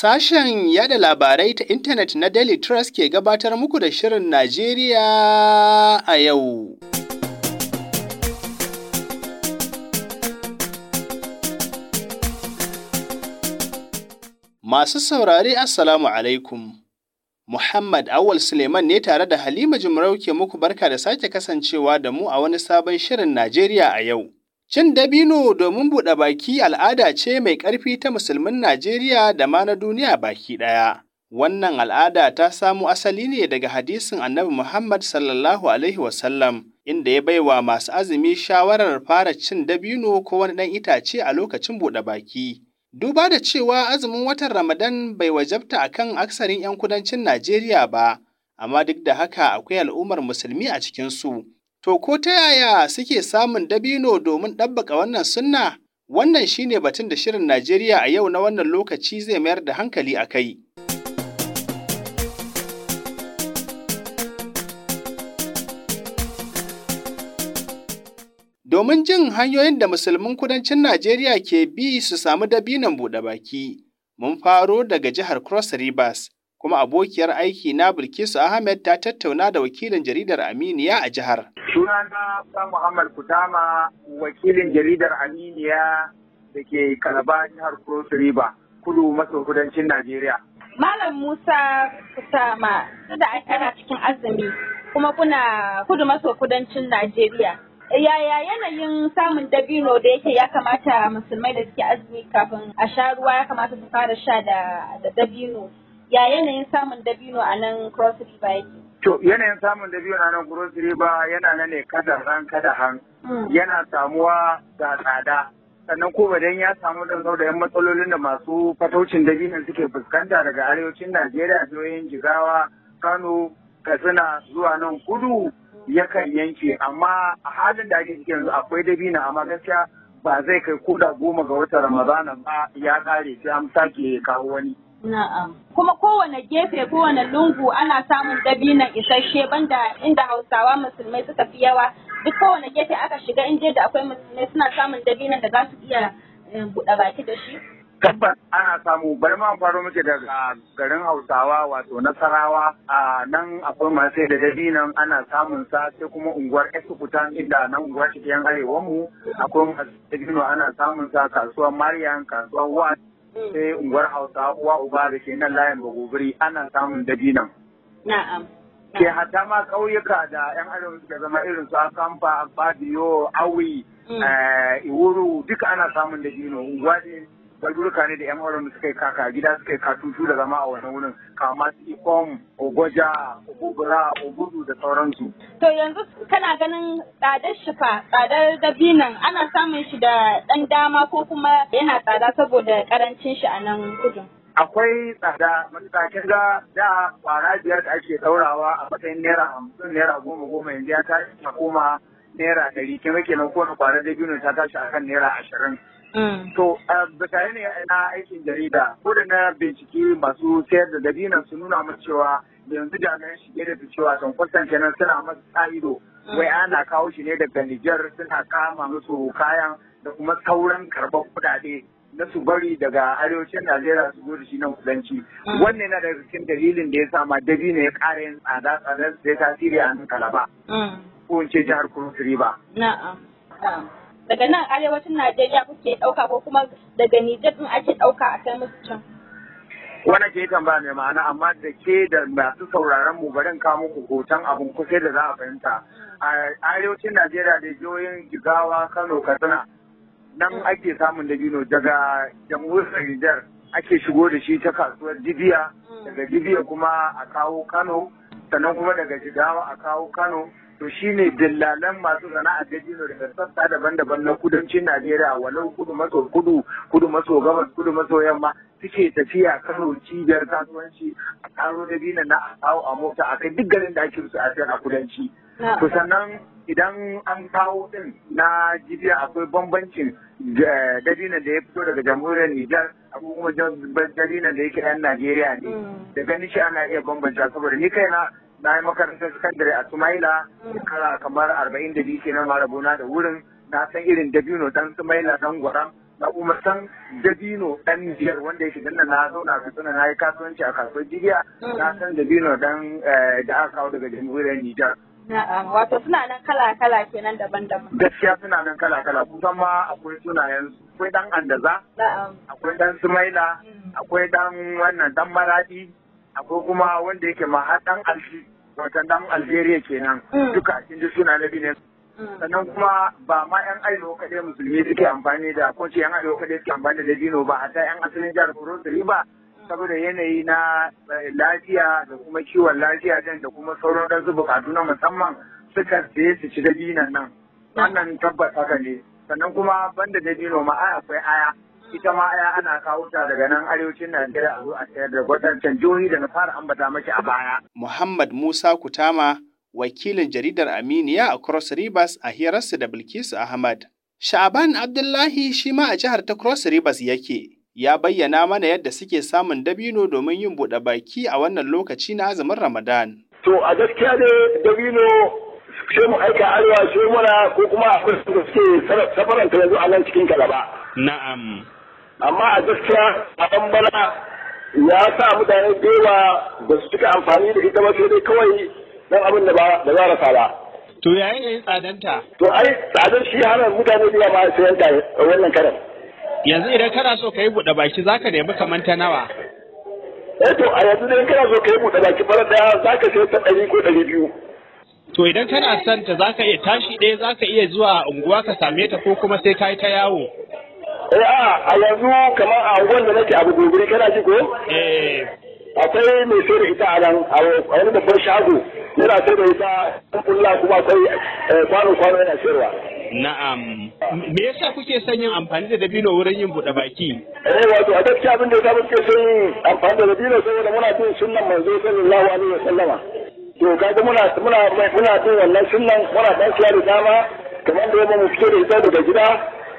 Sashen yada labarai ta intanet na Daily Trust ke gabatar muku da Shirin Najeriya a yau. Masu saurari Assalamu alaikum. Muhammad Awal Suleiman ne tare da Halima Jimarau ke muku barka da sake kasancewa da mu a wani sabon Shirin Najeriya a yau. Cin dabino domin buɗe baki al'ada ce mai ƙarfi ta musulmin Najeriya da ma na duniya baki ɗaya. Wannan al'ada ta samo asali ne daga hadisin Annabi Muhammad sallallahu alaihi wasallam inda ya baiwa masu azumi shawarar fara cin dabino ko wani ɗan itace a lokacin buɗe baki. Duba da cewa azumin watan Ramadan bai wajabta a kan aksarin 'yan kudancin Najeriya ba, amma duk da haka akwai al'ummar musulmi a cikinsu. To ko ta yaya suke samun dabino domin ɗabbaka wannan sunna? Wannan shi ne batun da shirin Najeriya a yau na wannan lokaci zai mayar da hankali a kai. Domin jin hanyoyin da musulmin kudancin Najeriya ke bi su samu dabinon buɗe baki, mun faro daga jihar Cross Rivers. kuma abokiyar aiki na Bilkisu Ahmed ta tattauna da wakilin jaridar Aminiya a jihar. Sunana Sa Muhammad Kutama wakilin jaridar Aminiya da ke Kalaba jihar Cross River kudu maso kudancin Najeriya. Malam Musa Kutama da yana cikin azumi kuma kuna kudu maso kudancin Najeriya. Yaya yanayin samun dabino da yake ya kamata musulmai da suke azumi kafin a sha ruwa ya kamata su fara sha da dabino. Ya yanayin samun dabino a nan Cross River To yanayin samun da biyu na nan grocery ba yana nan ne kada ran kada han hmm. yana samuwa da tsada sannan ko badan ya samu da da yan matsalolin da masu fataucin biyu suke fuskanta daga arewacin Najeriya jihohin Jigawa Kano Katsina zuwa nan kudu yakan yanke amma a halin da ake cikin yanzu akwai dabina amma gaskiya ba zai kai koda goma ga watan Ramadana ba ya kare sai an sake kawo wani. Kuma kowane gefe kowane lungu ana samun dabinan isasshe banda inda Hausawa musulmai suka fi yawa duk kowane gefe aka shiga in da akwai musulmai suna samun dabinan da za su iya eh, buɗe baki da shi. Tabbas ana samu bari ma faro muke daga ah, garin Hausawa wato Nasarawa a ah, nan akwai masu da dabinan ana samun sa sai kuma unguwar esukutan inda nan unguwar cikin arewa mu akwai masu dabino ana samun sa kasuwar Mariyan kasuwar wani. Mm. sai unguwar hausa uwa uba da ke nan layin bagobiri ana samun dabinan. Na'am. Ke hata ma ƙauyuka da 'yan arewa suka zama irin su akamfa, abadiyo, awi, mm. eh, iwuru duka ana samun dabino unguwa ne barurruka ne da yan oron suka yi kaka gida suka yi katutu da zama a wannan wurin kama su ifom ogoja ogogura ogudu da sauransu. to yanzu kana ganin tsadar shifa tsadar dabinan ana samun shi da dan dama ko kuma yana tsada saboda karancin shi a nan kudin. akwai tsada kin ga da kwara biyar da ake ɗaurawa a matsayin naira hamsin naira goma goma yanzu ya tashi ta koma naira ɗari kenan kenan kowane kwara dabino ta tashi akan naira ashirin Mm. To, zakarai ne na aikin jarida, ko da na bincike masu sayar da dabinan su nuna mu cewa yanzu jami'an shige da cewa sun kusan kenan suna masu tsa'ido. Mm. Wai ana kawo shi ne daga Nijar suna kama musu kayan da kuma sauran karɓar kuɗaɗe na su bari daga arewacin Najeriya su zo da shi nan kudanci. Mm. Wannan na daga cikin dalilin da ya sa ma dabino ya ƙara yin tsada tsadar da ya tasiri a nan Kalaba. Ko in ce jihar Kurus Riba. Na'am. daga nan arewacin Najeriya kuke ɗauka ko kuma daga Nijar ɗin ake ɗauka a kai musu can. Wani ke tambaya mai ma'ana amma da ke da masu sauraron mu barin kawo muku hoton abin kusa da za a fahimta. A arewacin Najeriya da jihohin Jigawa, Kano, Katsina nan ake samun dabino daga jamhuriyar Nijar ake shigo da shi ta kasuwar dibiya daga Jibiya kuma a kawo Kano sannan kuma daga Jigawa a kawo Kano to ne dillalan masu sana'ar dabino daga sassa daban-daban na kudancin Najeriya walau kudu maso kudu kudu maso gabas kudu maso yamma suke tafiya Kano cibiyar kasuwanci a karo dabino na kawo a mota a kai duk garin da ake su a a kudanci to sannan idan an kawo din na jibiya akwai bambancin eh, dadinan da ya fito daga jamhuriyar Nijar abubuwan kuma dadinan da yake yan Najeriya ne mm. da ganin shi ana iya bambanta saboda ni kaina na yi makarantar sakandare a Sumaila shekara kamar arba'in da biyu kenan marabona da wurin na san irin dabino dan Sumaila dan gwaram na kuma san dabino dan biyar wanda ya shiga na zauna a kasuwa na yi kasuwanci a kasuwar jigiya na san dabino dan eh, da aka kawo daga jamhuriyar Nijar. Wato suna nan kala-kala kenan daban-daban. Gaskiya suna nan kala-kala kusan ma akwai sunayen akwai dan andaza, akwai dan sumaila, mm. akwai dan wannan dan maradi, akwai kuma wanda yake ma har dan alji wata dan algeria kenan mm. duka a cikin suna na ne mm. sannan kuma ba ma yan aino kaɗai musulmi suke amfani da ko ce yan aino kaɗai suke amfani da dino ba hatta yan asalin jihar da ba mm. saboda yanayi na eh, lafiya da kuma kiwon lafiya din da kuma sauran ransu bukatu na musamman suka siye su ci dabinan nan wannan tabbas haka ne sannan kuma banda dabino ma ai akwai aya ita ma aya ana kawo ta daga nan arewacin Najeriya a zo a sayar da gwadancan jihohi da na fara ambata maki a baya. Muhammad Musa Kutama wakilin jaridar Aminiya a Cross Rivers a hirarsa da Bilkisu Ahmad. Sha'aban Abdullahi shi ma a jihar ta Cross Rivers yake. Ya bayyana mana yadda suke samun dabino domin yin buɗe baki a wannan lokaci na azumin Ramadan. To a gaskiya ne dabino sai mu aika arewa sai muna ko kuma akwai da suke safaranta yanzu a nan cikin kalaba. Na'am. amma a gaskiya a bana ya sa mutane da yawa ba su cika amfani da ita ba sai kawai don abin da ba za rasa ba to ya ne tsadanta to ai tsadar shi hana mutane da yawa sayan ta wannan karan yanzu idan kana so ka yi buɗe baki ka nemi kamar ta nawa eh to a yanzu idan kana so ka yi buɗe baki farar daya ka sayi ta ɗari ko ɗari biyu to idan kana son ta ka iya tashi ɗaya ka iya zuwa unguwa ka same ta ko kuma sai ka yi ta yawo eh a yanzu kamar a wanda nake abu gobe kana ji ko eh akwai mai sai da ita a nan a wani babban shago yana sai da ita kulla kuma akwai eh, kwano kwano yana sayarwa na'am me yasa kuke son yin amfani da dabino wurin yin buɗe baki eh wato a gaskiya abin da ya muke son yin amfani da dabino saboda muna bin sunnan manzo sallallahu alaihi wasallama to kaga muna muna muna bin wannan sunnan muna dan kiyaye dama kamar da yamma mu fito da ita daga gida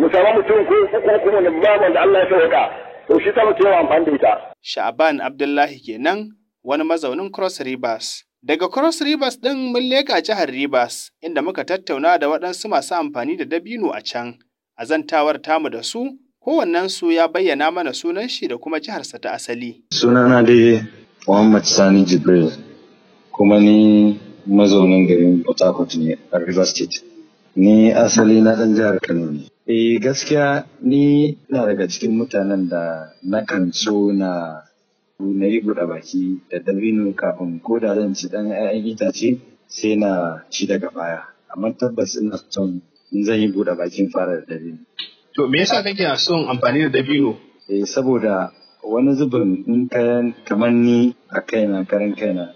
mu samu mutum ko kuma ne babu da Allah ya sauka to shi ta ke amfani da ita Sha'ban Abdullahi kenan wani mazaunin Cross Rivers Daga Cross Rivers ɗin mun leƙa jihar Rivers inda muka tattauna da waɗansu masu amfani da dabino a can. A zantawar tamu da su, su ya bayyana mana sunan shi da kuma jiharsa ta asali. Sunana dai Muhammad Sani Jibril, kuma ni mazaunin garin Port Harcourt ne a Rivers State. Ni asali na ɗan jihar Kano ne. Eh gaskiya ni na daga cikin mutanen da na kan so na na yi buɗe baki da dabino kafin ko da zan ci ɗan 'ya'yan itace sai na ci daga baya. Amma tabbas ina son in zan yi buɗe bakin fara da dabino. To me yasa kake son amfani da dabino? Eh saboda wani zubin in kayan kamar ni a kaina karan kaina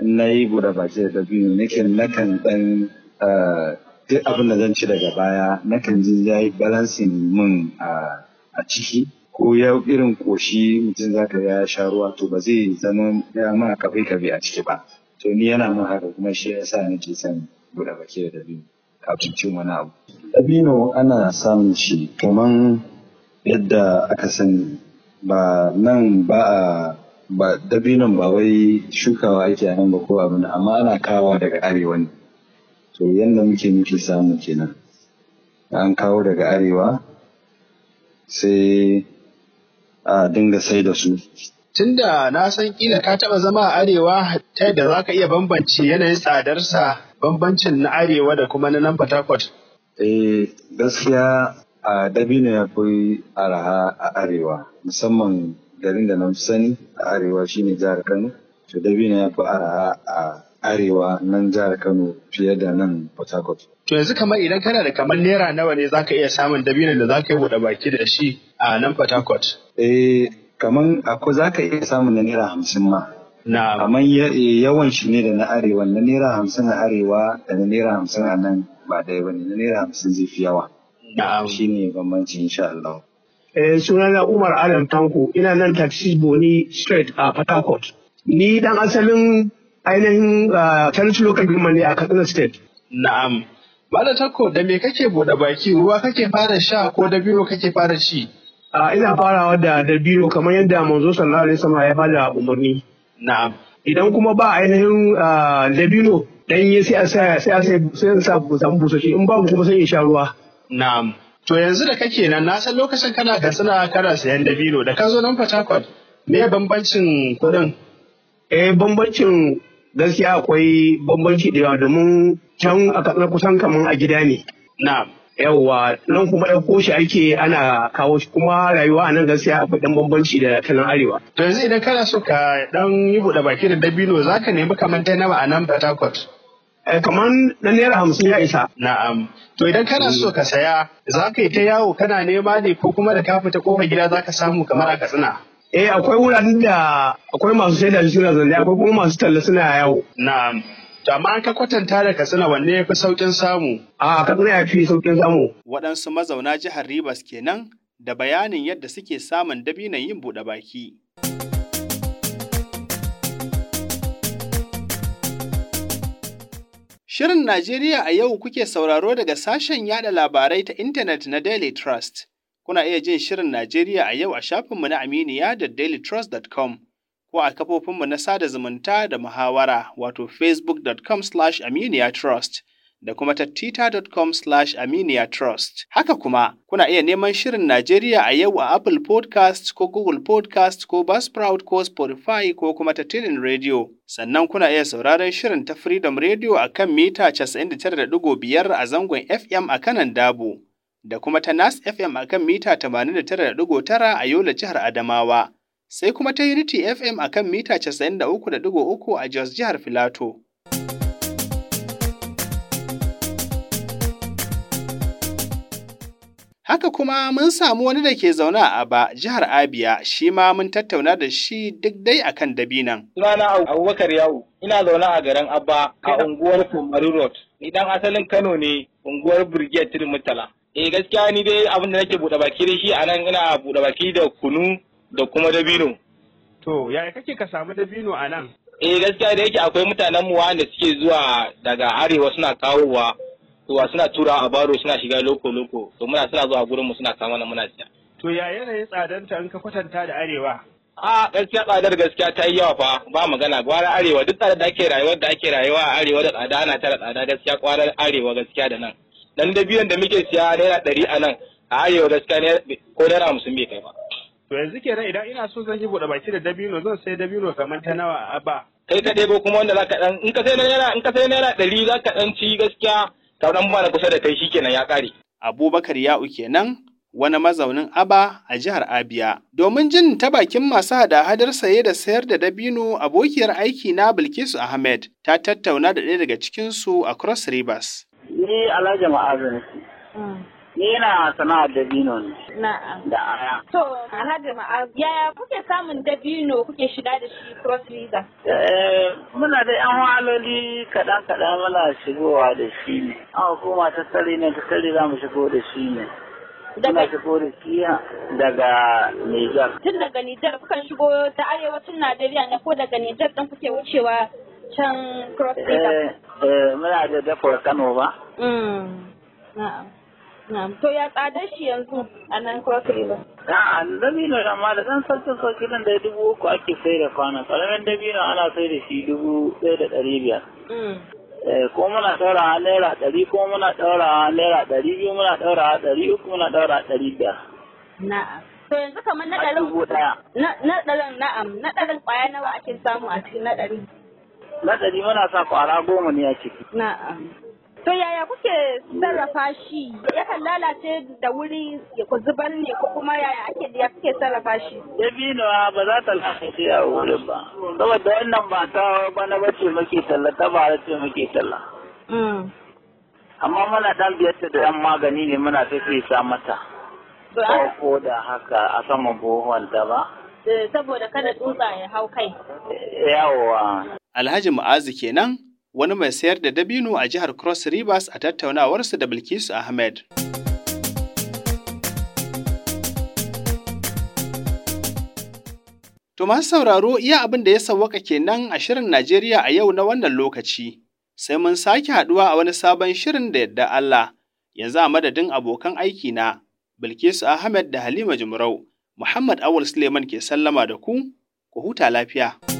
in na yi buɗe baki da dabino nake na kan ɗan ah, duk abin da zan ci daga baya na kan ji ya yi balansin min a ciki ko ya irin koshi mutum za ka ya sha ruwa to ba zai zama ya ma kafe kafe a ciki ba to ni yana min haka kuma shi ya sa nake son buɗe baki da dabino kafin cin wani abu dabino ana samun shi kaman yadda aka sani ba nan ba a ba dabinon ba wai shukawa ake a nan ba ko abin amma ana kawo daga arewa ne to yadda muke muke samu kenan an kawo daga arewa sai a dinga sai da su tunda na san kila ka taba zama a arewa ta yadda za ka iya bambance yanayin tsadarsa bambancin na arewa da kuma na nan takwas. eh gaskiya a dabino ya fi araha a arewa musamman garin da na sani a arewa shine jihar kano to dabino ya fi araha a arewa nan jihar Kano fiye da nan Port Harcourt. To yanzu kamar idan kana da kamar naira nawa ne zaka iya samun dabinin da zaka yi buɗe baki da shi a nan Port Harcourt? Eh kamar akwai zaka iya samun na naira hamsin ma. Na Amma yawan shi ne da na arewa na naira hamsin a arewa da na naira hamsin a nan ba ɗaya ba ne na naira hamsin zai fi yawa. Na'am. Shi ne bambanci insha Allah. Eh sunana Umar Adam Tanko ina nan Taxi Boni Street a Port Harcourt. Ni dan asalin ainihin ah, Territory Local Government ne a Katsina State. Na'am. da Tako da me kake bude baki ruwa kake fara sha ko da biro kake fara ci? A ah, ina farawa da da biro kamar yadda manzo sallallahu alaihi wasallam ya bada umarni. Na'am. Idan kuma ba ainihin ah, da biro yi sai a sa sai a sai a sa busan busashi in mu kuma sai in sha ruwa. Na'am. To yanzu da kake nan na san lokacin kana suna kana sayan da biro da ka zo nan kwad. me bambancin kuɗin? Eh bambancin gaskiya akwai bambanci da yawa domin can a katsar kusan kamar a gida ne na yawwa nan kuma ya koshi ake ana kawo shi kuma rayuwa a nan gaskiya akwai ɗan bambanci da kanan arewa. to yanzu idan kana so ka ɗan yi buɗe baki da dabino za ka nemi kamar ta nawa a nan port harcourt. Eh, kamar na naira hamsin ya isa. Na'am. To idan kana so ka saya za ka yi ta yawo kana nema ne ko kuma da ka fita kofar gida za ka samu kamar a katsina. Eh akwai wuraren da akwai masu shaida suna zanne akwai kuma masu talla suna yawo. Na'am. To amma an ka kwatanta da Katsina wanne ya fi sauƙin samu? A Katsina ya fi sauƙin samu. Waɗansu mazauna jihar Rivers kenan da bayanin yadda suke samun dabinan yin buɗe baki. Shirin Najeriya a yau kuke sauraro daga sashen yada labarai ta intanet na Daily Trust. Kuna iya jin Shirin Najeriya a yau a shafinmu na Aminiya da dailytrust.com ko a kafofinmu na sada zumunta da muhawara wato facebook.com slash aminiyatrust da kuma ta twitter.com slash aminiyatrust. Haka kuma, kuna iya neman Shirin Najeriya a yau a Apple podcast ko Google podcast ko Buzzsprout ko Spotify ko kuma ta Tilin Radio. Sannan kuna iya sauraron Shirin ta Freedom Radio a kan mita 99.5 a zangon FM a kanan Dabo. da kuma ta Nas FM a kan mita 89.9 a Yola jihar Adamawa, sai kuma ta Unity FM a kan mita 93.3 a Jos jihar Filato. Haka kuma mun samu wani da ke zaune a Aba, jihar Abia, shi ma mun tattauna da shi duk dai akan dabinan. Sunana Abubakar Yawo, ina zaune a garin Abba a unguwar Kumaru Road. idan asalin Kano ne, unguwar Brigade Murtala. eh gaskiya ni dai abin da nake buɗe baki da shi anan ina buɗe baki da kunu da kuma dabino. To ya kake ka samu dabino a nan? Eh gaskiya da yake akwai mutanen mu wanda suke zuwa daga arewa suna kawowa zuwa suna tura a baro suna shiga loko loko to muna suna zuwa gurin mu suna kama na muna siya. To ya yanayin ta in ka kwatanta da arewa? A gaskiya tsadar gaskiya ta yi yawa fa ba magana gwara arewa duk tsadar da ake rayuwa da ake rayuwa a arewa da tsada ana tara tsada gaskiya kwarar arewa gaskiya da nan. dan da biyan da muke siya naira ɗari a nan a arewa gaskiya ko naira hamsin bai kai ba. to yanzu kenan idan ina so zan yi buɗe baki da dabino zan sai dabino kamar ta nawa a ba. kai ka ɗebo kuma wanda zaka ɗan in ka sai naira in ka sai naira ɗari zaka ɗan ci gaskiya ka ɗan ba kusa da kai shikenan ya ƙare. abubakar ya'u kenan wani mazaunin Aba a jihar Abia. Domin jin ta bakin masu hada-hadar saye da sayar da dabino abokiyar aiki na Bilkisu Ahmed ta tattauna da ɗaya daga cikinsu a Cross Rivers. Ni alhaji ma'azin ne. Mm. Ni yana sana'ar dabino ne. Na'am. Da aya. To, alhaji ma'azu, yaya kuke samun dabino kuke shiga da shi cross river? Eh, muna da yan waloli kaɗan-kaɗan muna shigowa da shi ne. An hukuma ta tsari ne, ta tsari za mu shigo da shi ne. Muna shigo da kiya daga Nijar. Tun daga Nijar kukan shigo ta arewacin Najeriya ne ko daga Nijar don kuke wucewa can cross river? Eh, Eh, muna da dafa Kano ba mm. na'am to ya tsada shi yanzu a nan Cross ba. a'a dabino amma da dan sarkin sarkin da dubu uku ake sai da kwanan karamin dabino ana sai da shi dubu ɗaya da ɗari biyar mm. eh, ko muna ɗaurawa naira ɗari ko muna ɗaurawa naira ɗari biyu muna ɗaurawa ɗari uku muna ɗaurawa ɗari biyar. Na'am. To yanzu kamar na ɗarin na ɗarin na'am na ɗarin ƙwaya nawa ake samu a cikin na ɗari. ladari muna sa kwara goma ne a ciki. To yaya kuke sarrafa shi? Yakan lalace da wuri ya ku zubar ne ko kuma yaya ake ya kuke sarrafa shi? Dabino ba za ta lalace a wurin ba. Saboda wannan ba ta bana ba ce muke talla ta ba ce muke talla. Mm. Amma muna dalbiyarta da yan magani ne muna sa mata. Ko da haka a saman ta ba. Eh, saboda kada tsutsa ya hau kai. Eh, yawwa. Alhaji Ma'azu kenan wani mai sayar da dabino a jihar Cross Rivers a tattaunawarsu da Bilkisu Ahmed. To masu sauraro iya abin da ya sawwaka kenan a shirin Najeriya a yau na wannan lokaci, sai mun sake haɗuwa a wani sabon shirin da yadda Allah, yanzu a madadin abokan aiki na Bilkisu Ahmed da Halima Jumrau, Muhammad Awul Suleiman ke sallama da ku, ku huta lafiya.